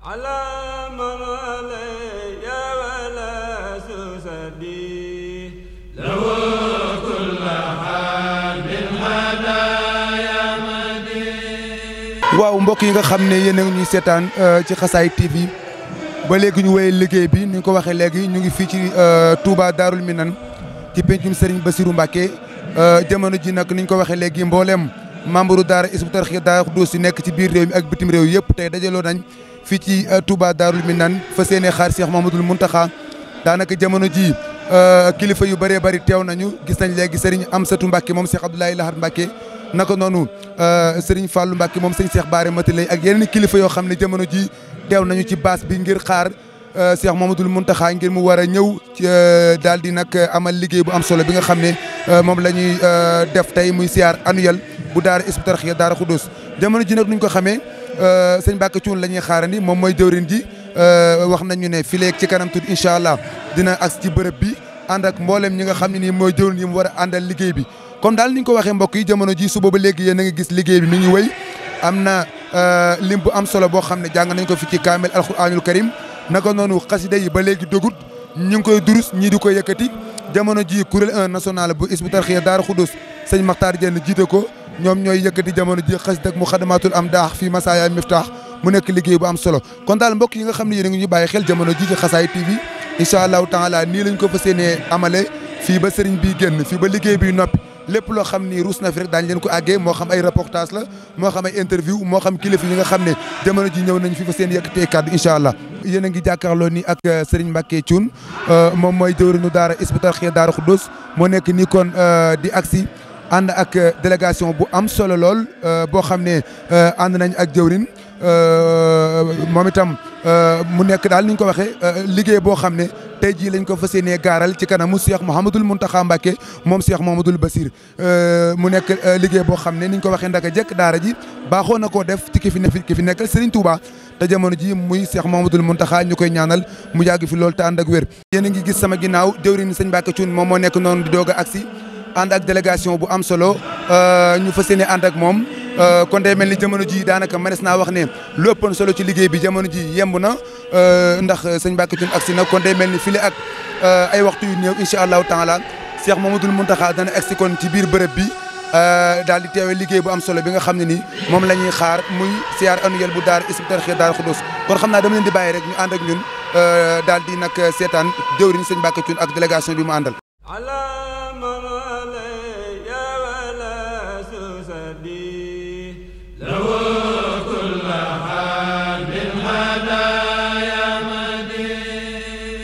waaw mbokk yi nga xam ne yéen a ngi seetaan euh, ci xasaay TV ba léegi ñu woyee liggéey bi ni ñu ko waxee léegi ñu ngi fii ci euh, Touba Darul Minan ci pencum Serigne basiru Mbacké euh, jamono ji nag ni ñu ko waxee léegi mbooleem membre daara Hizbut Tarqiyyah Daaru Xudoos yi nekk ci biir réew mi ak bitim réew yëpp tey dajaloo nañ fii ci euh, Touba Darou Minane fa seenee xaar Cheikh Mouhamadoul Mountakha daanaka jamono ji euh, kilifa yu bëree bëri teew nañu gis nañ léegi Serigne Amsatou Mbacke moom Cheikh Abdoulaye Lahad Mbacke naka noonu euh, Serigne Fallou Mbacke moom sëñ Cheikh Baare Matalay ak yeneen kilifa yoo xam ne jamono ji teew nañu ci baas bi ngir xaar Cheikh Mouhamadoul Mountakha ngir mu war a ñëw daal di nag amal liggéey bu am solo bi nga xam ne moom la ñuy def tey muy siyaar annuel bu daara Hizbut Tarqiyyah daara khudus jamono ji nak nuñ ko xamé euh sëñ bakka ciun lañuy ñuy xaarandi moom mooy jëwrin ji wax nañu ne filé ci kanam tuuti inshallah dina ak ci bërëb bi ànd ak mbollem ñi nga xamni ni moy mooy yi mu wara àndal liggéey bi comme dal niñ ko waxé mbokk yi jamono ji su bobu légui ya nga gis liggéey bi mi ngi wéy amna euh lim bu am solo bo xamné jàng nañ ko fi ci kamel alxuraanul karim naka nonu qasida yi ba légui dogut ñu ngi koy durus ñi di koy yëkëti jamono ji kurel 1 national bu Hizbut Tarqiyyah Daara khudus sëñ Makhtar jenn jité ko ñom ñoy yëkëti jamono ji xas dak mu xadamaatul am daax fii masaaya miftaax mu nekk liggéey bu am solo kon dal mbokk yi nga xamni yéen a ngi ñu bàyyi xel jamono ji ci xassay TV inshallah taala ni lañ ko fas yéenee amale fi ba sëriñ bi génn fi ba liggéey bi noppi lépp lo xamni ni na fi rek dañ leen ko aggé mo xam ay reportage la mo xam ay interview mo xam kilifa yi nga xamni jamono ji ñëw nañ fi fa seen yëkkatee kàddu incha yéen a ngi jàkkaarloo ni ak Serigne Mbacké Thioune moom mooy jëwriñu daara hôpital xé daara Xudoos mo nekk ni kon euh di aksi ànd ak délégation bu am solo lool boo xam ànd nañ ak jëwrin moom itam mu nekk daal ni ñu ko waxee liggéey boo xam ne tey lañ ko ci Cheikh Cheikh Basir mu nekk Bohamne, boo xam ne ni ñu ko waxee ndaka jekk daara ji baaxoo na def ci ki fi ne nekkal Serigne Touba jamono ji muy Cheikh Mouhamadul Mountakha ñukoy ñaanal mu yàgg fi loolu ànd ak wér. yéen ngi gis sama ginaaw jëwriñ Sëñ Mbacké Thioune mom mo nek non di doga aksi ànd ak délégation bu am solo euh, ñu fas yéene ànd ak moom euh, kon day mel ni jamono ji daanaka mënees naa wax ne lu ëppoon solo ci liggéey bi jamono ji yemb na euh, ndax sëñ Mbacke Thioune agsi na kon day mel ni file ak ay waxtu yu néew incha allahu taala Cheikh Mamadou Mountakha dana agsi kon ci biir bërëb bi daal di teewee liggéey bu am solo bi nga xam ne ni moom la ñuy xaar muy siyaar annuel bu daar Hizbut Tarqiyyah daar Khoudoss kon xam naa dama leen di bàyyi rek ñu ànd ak ñun daal di nag seetaan jëwriñ sëñ Mbacke Thioune ak délégation bi mu àndal